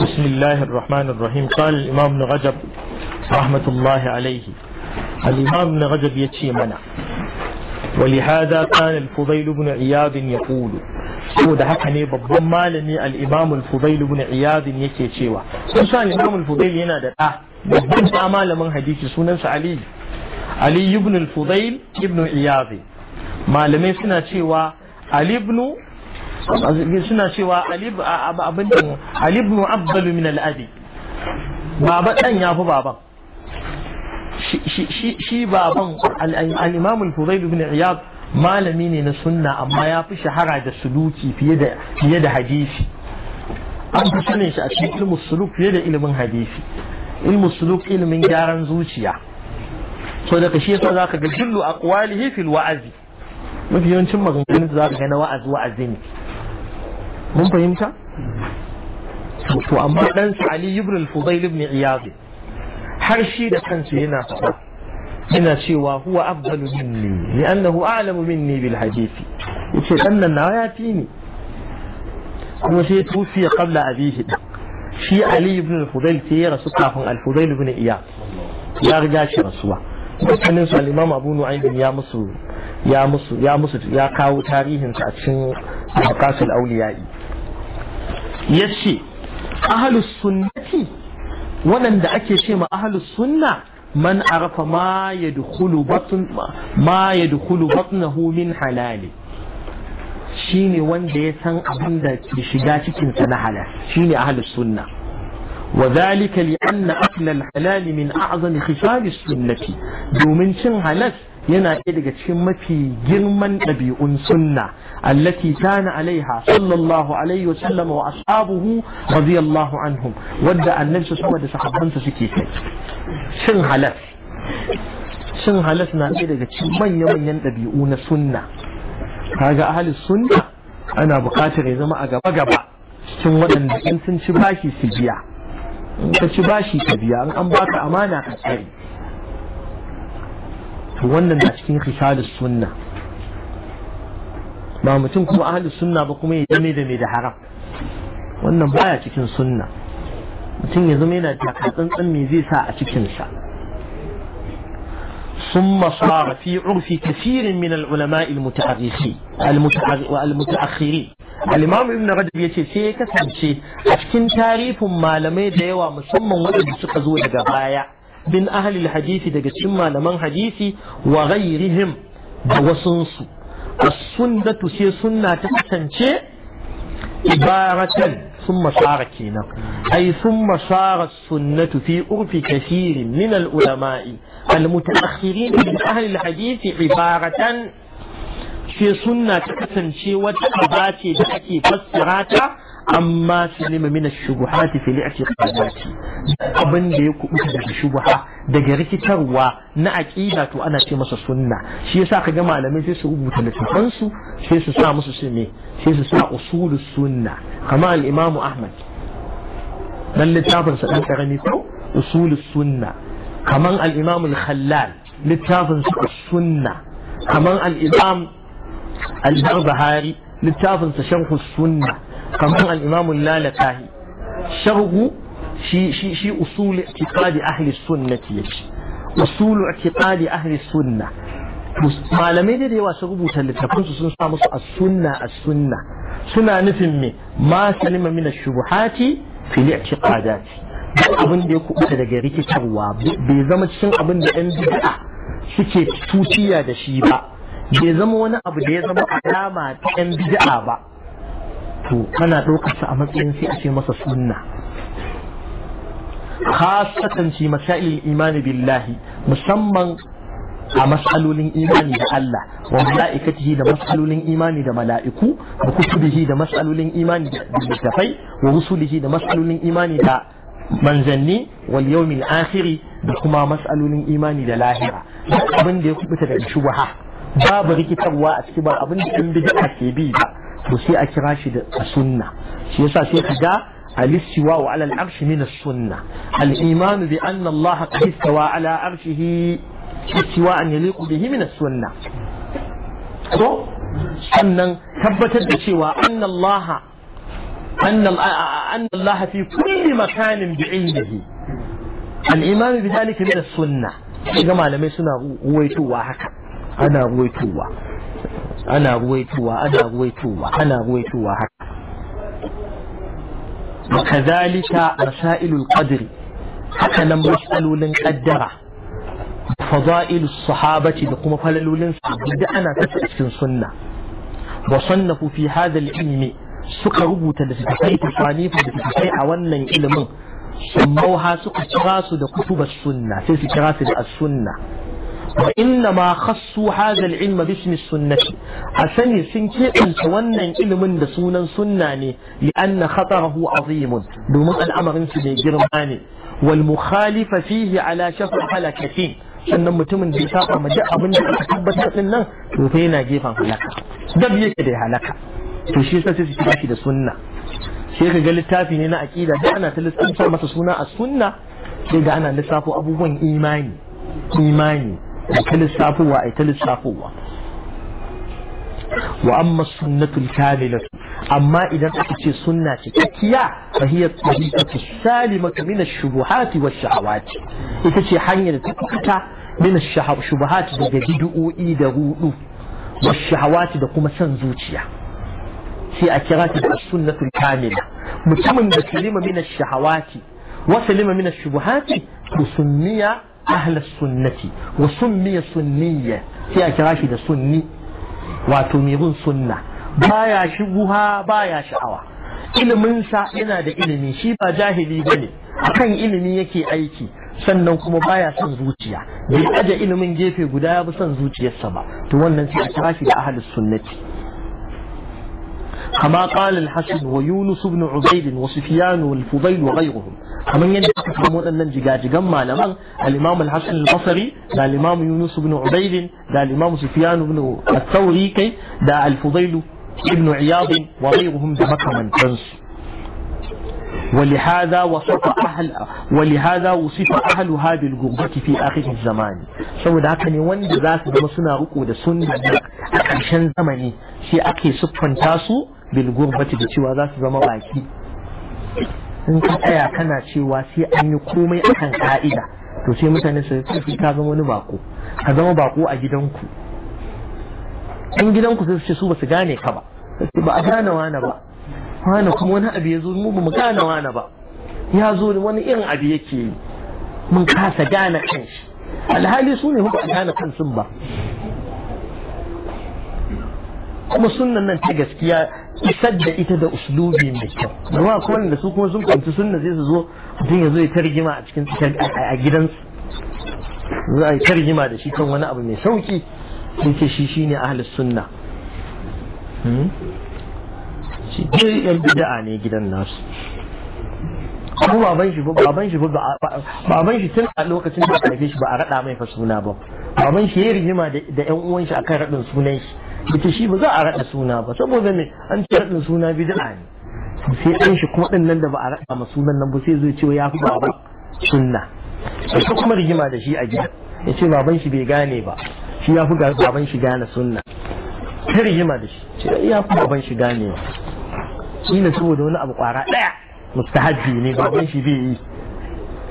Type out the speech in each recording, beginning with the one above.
بسم الله الرحمن الرحيم قال الإمام ابن رجب رحمة الله عليه الإمام ابن رجب يتشي منع ولهذا كان الفضيل بن عياض يقول saboda haka ne babban malami al-Imam al-Fudail ibn Iyad yake cewa sun sa Imam al-Fudail yana da da malamin hadisi sunansa Ali Ali ibn al-Fudail ibn Iyad malamai suna cewa suna cewa abin da alibnu abdalu min al'adi baba dan ya fi baban shi baban al'imamul furaidu bin iyad malami ne na sunna amma ya fi shahara da suluki fiye da hadisi an fi sanin shi a cikin ilmu suluk fiye da ilimin hadisi ilmu suluk ilimin gyaran zuciya so daga shi yasa zaka ga jillu aqwalihi fil wa'azi mafi yawancin maganganun zaka ga na wa'azi wa'azi ne mun fahimta to amma dan Ali ibn al-Fudayl ibn Iyad har shi da kansa yana faɗa ina cewa huwa afdalu minni li'annahu a'lamu minni bil hadith yace dan nan nawa ya fi ni kuma sai tufiya qabla abihi shi Ali ibn al-Fudayl sai ya rasu kafin al-Fudayl ibn Iyad ya riga shi rasuwa dukkanin su al-Imam Abu Nu'aym ya musu ya musu ya musu ya kawo tarihin sa a cikin Aqasul Awliya'i ya ce ahalus sunnati waɗanda ake ce ma ahalus sunna man arafa ma ya dukulu batnahu min halali shi ne wanda ya san abin da ke shiga cikinsa na halal shi ne ahalus sunna وذلك لأن أكل الحلال من أعظم خصال السنة دومن شن yana ɗaya daga cikin mafi girman ɗabi'un sunna allati kana alaiha sallallahu alaihi wa sallam wa ashabuhu radiyallahu anhum wadda annabi su da sahabbansa suke kai shin halas shin halas na ɗaya daga cikin manya manyan ɗabi'u na sunna kaga ahli sunna ana buƙatar ya zama a gaba gaba cikin waɗanda in sun ci bashi su biya in ka ci bashi ka biya in an baka amana ka tsare to wannan da cikin khisalus sunna ba mutum kuma ahlus sunna ba kuma ya dame da me da haram wannan baya cikin sunna mutum ya zama yana taka tsantsan me zai sa a cikin sa ثم صار في عرف كثير من العلماء المتأرخين المتأخرين الإمام ابن رجب يتي سي كسانشي أشكن تعريف ما لم يدعوا مسمى وإن سكزوا لغبايا من أهل الحديث دا جسما لمن حديث وغيرهم بوسنس السنة سي سنة تحسن عبارة ثم صار كينا أي ثم صار السنة في عرف كثير من العلماء المتأخرين من أهل الحديث عبارة sai sunna ta kasance wata aba ce da ake fassara ta amma silima mina ash-shubuhati fi al-i'tiqadati abin da ya kubuta daga shubuha daga rikitarwa na aƙida to ana ce masa sunna shi yasa kaga malamai sai su rubuta littafan su sai su sa musu sunne sai su sa usulus sunna kama al-imamu ahmad dan littafin sa dan karami ko usulus sunna kaman al-imamu al-khallal littafin sa sunna kaman al-imam al-barbahari littafin sa sharhu sunna kamar al-imam al-lalakahi sharhu shi shi shi ahli sunnati yace usul i'tiqadi ahli sunna malamai da yawa sun rubuta littafansu sun sa musu as-sunna suna nufin me ma salima min ash-shubuhati fi al-i'tiqadat abin da ya kubuta daga rikitarwa bai zama cikin abin da 'yan bid'a suke tutiya da shi ba bai zama wani abu da ya zama alama ta yan bid'a ba to kana ɗaukar sa a matsayin sai a ce masa sunna khasatan fi masail imani billahi musamman a mas'alolin imani da Allah wa mala'ikatihi da mas'alolin imani da mala'iku wa kutubihi da mas'alolin imani da littafai wa rusulihi da mas'alolin imani da manzanni wal yawmil akhiri da kuma mas'alolin imani da lahira duk abin da ya kubuta da shubha babu rikitarwa a ciki ba abin da in bid'a ke bi ba to sai a kira shi da sunna shi yasa sai ka ga الاستواء على العرش من السنة الإيمان بأن الله قد استوى على عرشه استواء يليق به من السنة sannan tabbatar da cewa annallaha annallaha fi kulli makanin bi ilmihi al-imam bi dhalika min as-sunnah ga malamai suna ruwaitowa haka ana ruwaitowa ana ruwaitowa ana ruwaitowa ana ruwaitowa haka وكذلك مسائل القدر haka nan matsalolin kaddara fada'ilu sahabati da kuma falalolin sahabbai da ana kasa a cikin sunna wa sannafu fi hadha ilmi suka rubuta da tafai tasanifu da tafai a wannan ilimin sun mauha suka kira su da kutubar sunna sai su kira su da as-sunna wa inna ma khassu hadha al-ilm bi sun keɓanta wannan ilimin da sunan sunna ne li anna khatarahu azimun domin al'amarin su mai girma ne wal mukhalifa fihi ala shafa halakatin sannan mutumin da ya saba ma duk abin da aka tabbatar din nan to yana gefen halaka dab yake da halaka to shi yasa sai su kira shi da sunna sai ka ga littafi ne na aqida da ana ta lissafta masa suna a sunna sai ga ana lissafo abubuwan imani imani تلسافوا أي تلسافوا وأما السنة الكاملة أما إذا أتت سنة تكيا فهي الطريقة السالمة من الشبهات والشهوات إتشي حنيا تكتا من الشبهات بدو إيدا والشهوات دقوم سنزوتيا في أكرات السنة الكاملة متمن بكلمة من الشهوات وسلمة من الشبهات تسميها ahla sunnati wa summiya sunniya sai a kira shi da sunni wato Ba ya sunna baya ba baya sha'awa iliminsa yana da ilimi shi ba jahili bane akan ilimi yake aiki sannan kuma baya son zuciya bai aje ilimin gefe guda ya bi son zuciyarsa ba to wannan sai a kira shi da ahlus sunnati كما قال الحسن ويونس بن عبيد وسفيان والفضيل وغيرهم كما يندك سمون أن جيجاجي جمع لمن الإمام الحسن البصري دا الإمام يونس بن عبيد دا الإمام سفيان بن الثوري كي دا الفضيل ابن عياض وغيرهم دا مكمن تنسو ولهذا وصف أهل ولهذا وصف أهل هذه الجمعة في آخر الزمان سو haka ne wanda za su zama suna riko da sunna a ƙarshen zamani sai ake bil gurbati da cewa za su zama baki in ka tsaya kana cewa sai an yi komai akan ka'ida to sai mutane su ce ka zama wani bako ka zama bako a gidanku in gidanku sai su ce su ba su gane ka ba ba a gane wani ba wani kuma wani abu ya zo mu ba mu gane wani ba ya zo wani irin abu yake yi. mun kasa gane kanshi alhali su ne ba a gane kansu ba kuma sunan nan ta gaskiya isar da ita da uslubi mai kyau ruwa kuma da su kuma sun kwanci sunan zai su zo mutum ya zo ya targima a cikin a gidansu za a yi targima da shi kan wani abu mai sauki sun ce shi ne ahalus sunna hmm? shi dai yan bida'a ne gidan nasu kuma baban shi baban shi baban shi tun a lokacin da aka haife shi ba a rada mai fa suna ba baban shi ya rigima da yan uwan shi akan radin sunan shi ita shi ba za a raɗa suna ba saboda me an ce raɗin suna bid'a ne sai an shi kuma din nan da ba a raɗa ma sunan nan ba sai zai ce ya fi baban sunna sai kuma rigima da shi a gida ya ce baban shi bai gane ba shi ya fi baban shi gane sunna sai rigima da shi ce ya fi baban shi gane ba ne saboda wani abu kwara ɗaya mustahabi ne baban shi bai yi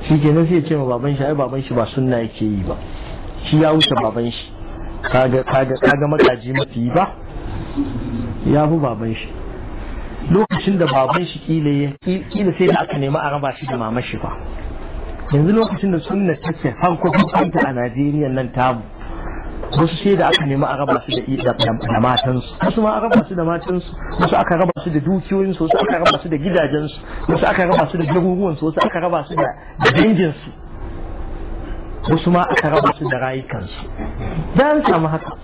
shi kenan sai ya ce ma baban shi ai baban shi ba sunna yake yi ba shi ya wuce baban shi kaga makaji mafi ba ya fi baban shi lokacin da baban shi kila sai da aka nemi a raba shi da mama shi ba yanzu lokacin da sunna take farko kanta a Najeriya nan tamu wasu sai da aka nemi a raba su da matansu wasu ma a raba su da matansu wasu aka raba su da dukiyoyinsu wasu aka raba su da gidajensu wasu aka raba su da garuruwansu wasu aka raba su da danginsu wasu ma aka raba su da rayukansu da an samu haka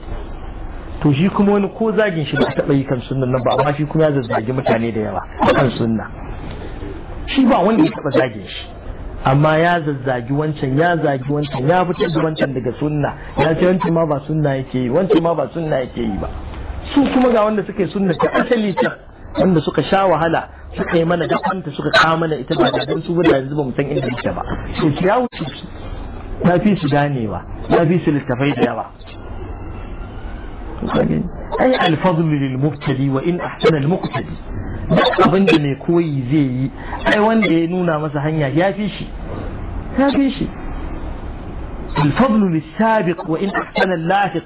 to shi kuma wani ko zagin shi ba a taɓa yi kan sunan nan ba amma shi kuma ya zazzagi mutane da yawa kan suna. shi ba wanda ya taɓa zagin shi amma ya zazzagi wancan ya zagi wancan ya fitar da wancan daga sunna ya ce wancan ma ba sunna yake yi wancan ma ba sunna yake yi ba su kuma ga wanda suka yi sunna ta asali ta wanda suka sha wahala suka yi mana gafanta suka kawo mana ita ba da su ba da yanzu ba mu san inda yake ba to ya wuce ta fi su ganewa ta fi su littafai da yawa ai alfadlu lil mubtadi wa in ahsana al muqtadi duk abin da mai koyi zai yi ai wanda ya nuna masa hanya ya fi shi ya fi shi alfadlu lil sabiq wa in ahsana al lahiq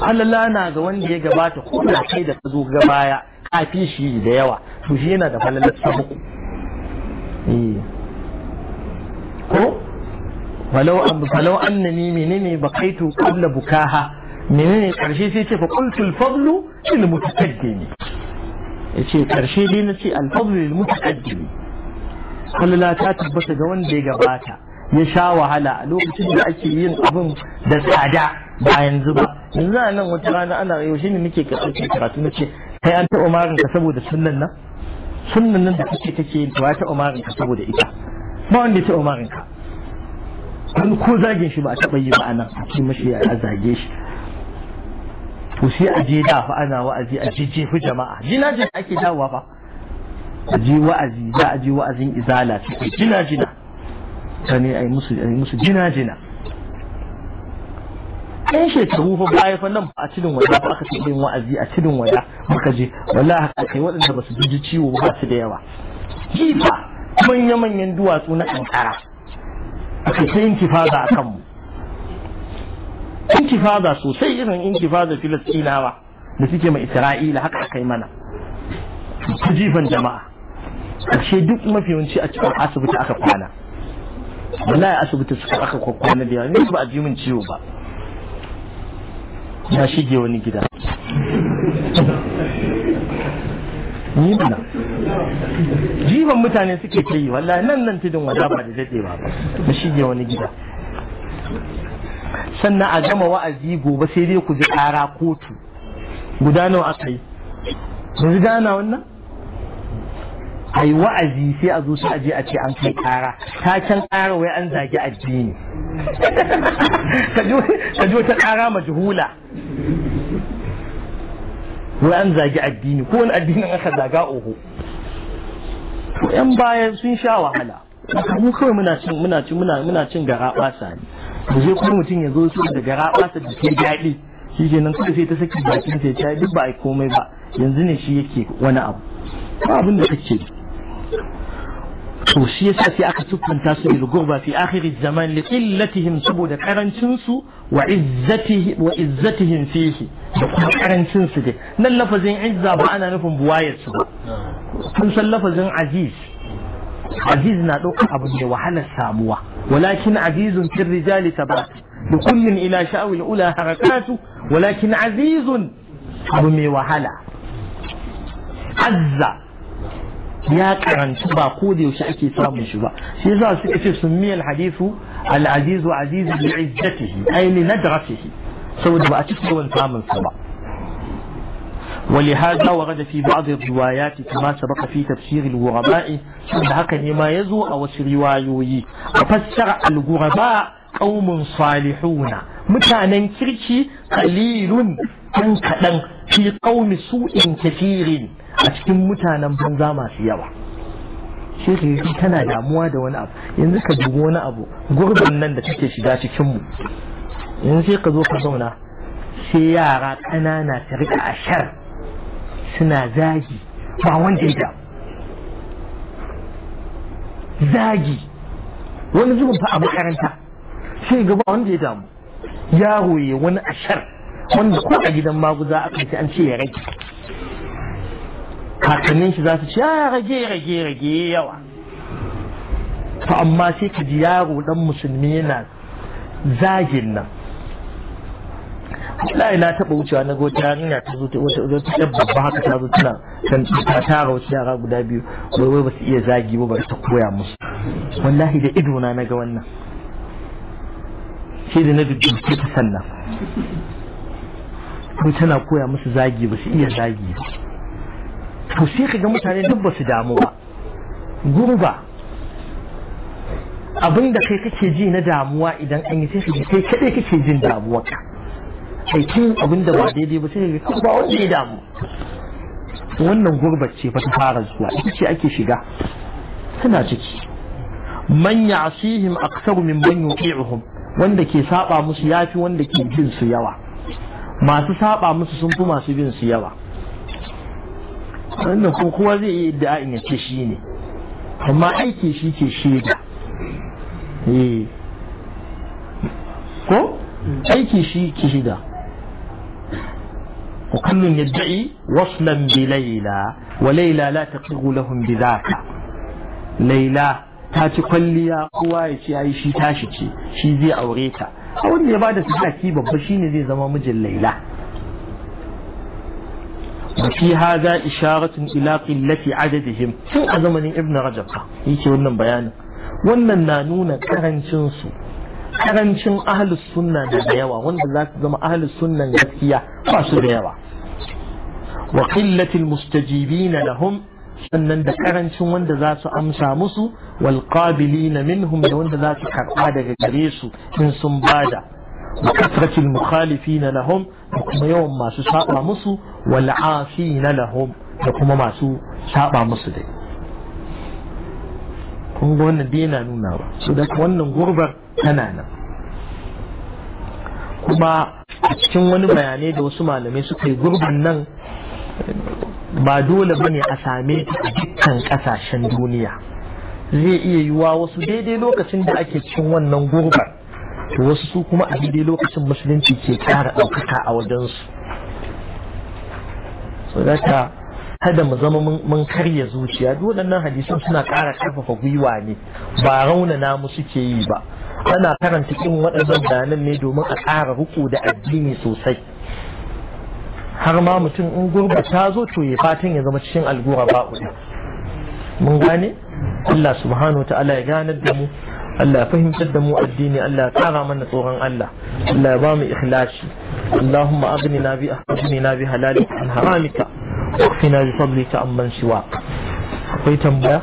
Allah na ga wanda ya gabata ko da kai da ka zo ga baya ka shi da yawa to shi yana da falalar sabuku eh. ko falau falau annani menene bakaitu qabla bukaha menene karshe sai ce fa qultu al-fadlu lil mutaqaddimi yace karshe dai na ce al-fadlu lil mutaqaddimi kullala ta tabbata ga wanda ya gabata ya sha wahala a lokacin da ake yin abin da tsada ba yanzu ba yanzu a nan wata rana ana yaushe ne nake karatu na ce kai an taɓa marin ka saboda sunnan nan sunnan nan da kake take yin ta taɓa marin ka saboda ita ba wanda ya taɓa marin ka an ko zagin shi ba a taɓa yi ba a nan shi mashi a zage shi to sai a je da fa ana wa'azi a fi jama'a jina jina ake dawowa fa a je wa'azi za a je wa'azin izala ce jina jina ta ne a yi musu jina jina ɗan shekaru fa baya fa nan a cikin wada ba aka taɓa yin wa'azi a cikin wada muka je wallahi haka kai waɗanda ba su ji ciwo ba su da yawa jifa manya-manyan duwatsu na kankara aka ta intifada a kanmu intifada sosai irin intifada filistinawa da suke mai isra'ila haka kai mana ta jifan jama'a ƙarshe duk mafi a cikin asibiti aka kwana wallahi asibiti suka aka kwakwana da yawa ne ba a ji min ciwo ba ya shige wani gida ni mana jifan mutane suke ta yi wallahi nan nan tudun wada ba da daɗe ba na shige wani gida sannan a gama wa'azi gobe sai dai ku ji ƙara kotu guda nawa aka yi sun ji gana wannan a yi wa'azi sai a zo su aje a ce an kai ƙara taken ƙara wai an zagi addini ka ji wata ƙara majhula wai an zagi addini ko wani addinin aka zaga oho to yan baya sun sha wahala mu kawai muna cin muna cin muna muna cin gara basa ne zai kuma mutum ya zo su da gara basa da ke daɗi shi ke nan kawai sai ta saki bakin sai ta duk ba a komai ba yanzu ne shi yake wani abu ba abin da kake توشي ساتي أكا سبن تاسو بالغربة في آخر الزمان لقلتهم سبود كرنشنسو وعزته وعزتهم فيه يقول كرنشنسو دي نال لفظين عزة بأنا نفهم بواية سبا تنسل لفظين عزيز عزيز نادوك أبو وحل ساموة ولكن عزيز في الرجال تبات لكل إلى شأو الأولى حركاته ولكن عزيز أبو وحلا عزة ya karantu ba ko da yaushe ake samun shi ba shi yasa suka ce sun summi alhadithu al-aziz wa aziz bi izzatihi ay li nadratihi saboda ba a cikin wannan samun sa ba ولهذا ورد في بعض الروايات كما سبق في تفسير الغرباء هكا ما يزو أو روايوي وفسر الغرباء قوم صالحون متانا كرشي قليل كان في قوم سوء كثير a cikin mutanen banza masu yawa shi ke tana damuwa da wani abu yanzu ka dubi wani abu gurbin nan da take shiga cikinmu. yanzu sai ka zo ka zauna sai yara ƙanana ta rika ashar suna zagi ba wanda ya zagi wani zubin fa a makaranta sai gaba wanda ya damu yaro ya wani ashar wanda ko a gidan maguza aka ce an ce ya rage kakannin shi za su ce ya ah, rage rage rage yawa to amma sai ka ji yaro dan musulmi yana zagin nan wallahi na taɓa wucewa na gota yarinya ta zo ta wata babba haka ta zo tana kan ta tara wasu yara guda biyu wai wai basu iya zagi ba ta koya musu wallahi da ido na naga wannan sai da na dudduke ta sannan ko tana koya musu zagi basu iya zagi ba to sai ka ga mutane duk ba su damu ba gurba abin da kai kake ji na damuwa idan an yi sai ka kai kadai kake jin damuwa kai kin abin da ba daidai ba sai ka ba wanda ya damu wannan gurba ce fa ta fara zuwa ita ce ake shiga tana ciki man ya'sihim aktsaru min man yuqi'uhum wanda ke saba musu yafi wanda ke bin su yawa masu saba musu sun fi masu bin su yawa wannan kuma kowa zai iya idda'in ya ce shi ne amma aiki shi ke shaida eh. ko aiki shi ke shaida وكل يدعي وصلا بليلى وليلى لا تقر لهم بذاك ليلى تاتي kwalliya kowa ya ce ai shi tashi ce shi zai aure ta wanda ya ba da bada sadaki babba shine zai zama mijin laila وفي هذا إشارة إلى قلة عددهم في أزمن ابن رجب يكي ونن بيانا ونن نانون كرنشن سو كرنشن أهل السنة ديوا ونن ذات زم أهل السنة جتيا فاسو ديوا وقلة المستجيبين لهم sannan da karancin wanda za su amsa musu walƙabili na minhum da wanda za su karɓa daga gare su in sun bada وكثرة المخالفين لهم وكما يوم ما سابع مسو والعافين لهم وكما ما سابع مسو دي kun ga wannan dai yana nuna ba so da wannan gurbar tana nan kuma a cikin wani bayanai da wasu malamai suka yi gurbin nan ba dole ba ne a same dukkan kasashen duniya zai iya yiwuwa wasu daidai lokacin da ake cikin wannan gurbar to wasu su kuma a daidai lokacin musulunci ke kara ɗaukaka a wajensu so daga hada mu zama mun karya zuciya duk waɗannan hadisan suna ƙara ƙarfafa gwiwa ne ba raunana mu suke yi ba ana karanta irin waɗannan bayanan ne domin a ƙara riko da addini sosai har ma mutum in gurba ta zo to ya fatan ya zama cikin algura ba mun gane Allah subhanahu wa ta'ala ya ganar da mu Allah fahimtar da mu addini Allah kara mana tsoron Allah Allah ya ba mu ikhlashi اللهم أغننا بأغننا بحلالك عن حرامك واكفنا بفضلك عمن سواك akwai tambaya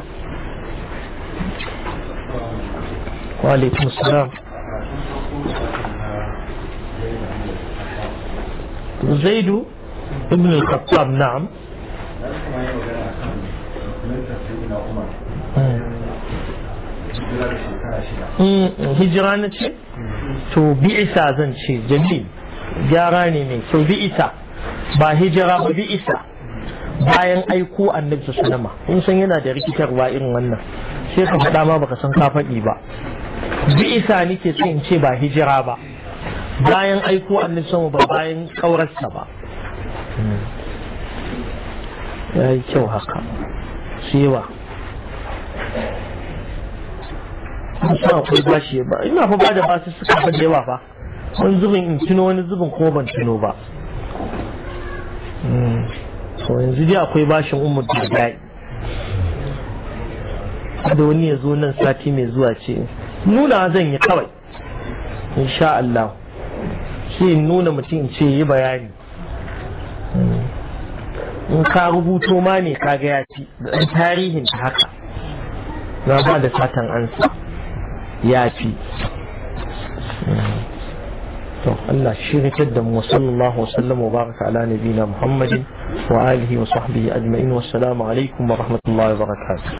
wa alaikum salam zaidu ibn al-khattab na'am Mm. hijira na ce to bi'isa zan ce jamil gyara ne mai kyau bi'isa ba hijira ba bi'isa bayan aiko annabi sallama in san yana da rikitarwa irin wannan sai ka faɗa ma baka san ka faɗi ba bi'isa nake so in ce ba hijira ba bayan aiko annabi sama ba bayan kaurarsa ba hmm. ya yi kyau haka siwa kun san akwai bashi ba ina fa ba da basu suka fa da yawa fa wani zubin in tuno wani zubin ko ban tuno ba hmm. to yanzu dai akwai bashin ummu da da wani ya zo nan sati mai zuwa ce nuna zan yi kawai insha Allah shi nuna mutum in ce yi bayani hmm. in ka rubuto ma ne ka ga ya ci da tarihin ta haka na ba da satan ansa ya fi to Allah shi rikar da mu sallallahu wasallam wa baraka ala nabiyina Muhammadin wa alihi wa sahbihi ajma'in wassalamu alaikum wa rahmatullahi wa barakatuh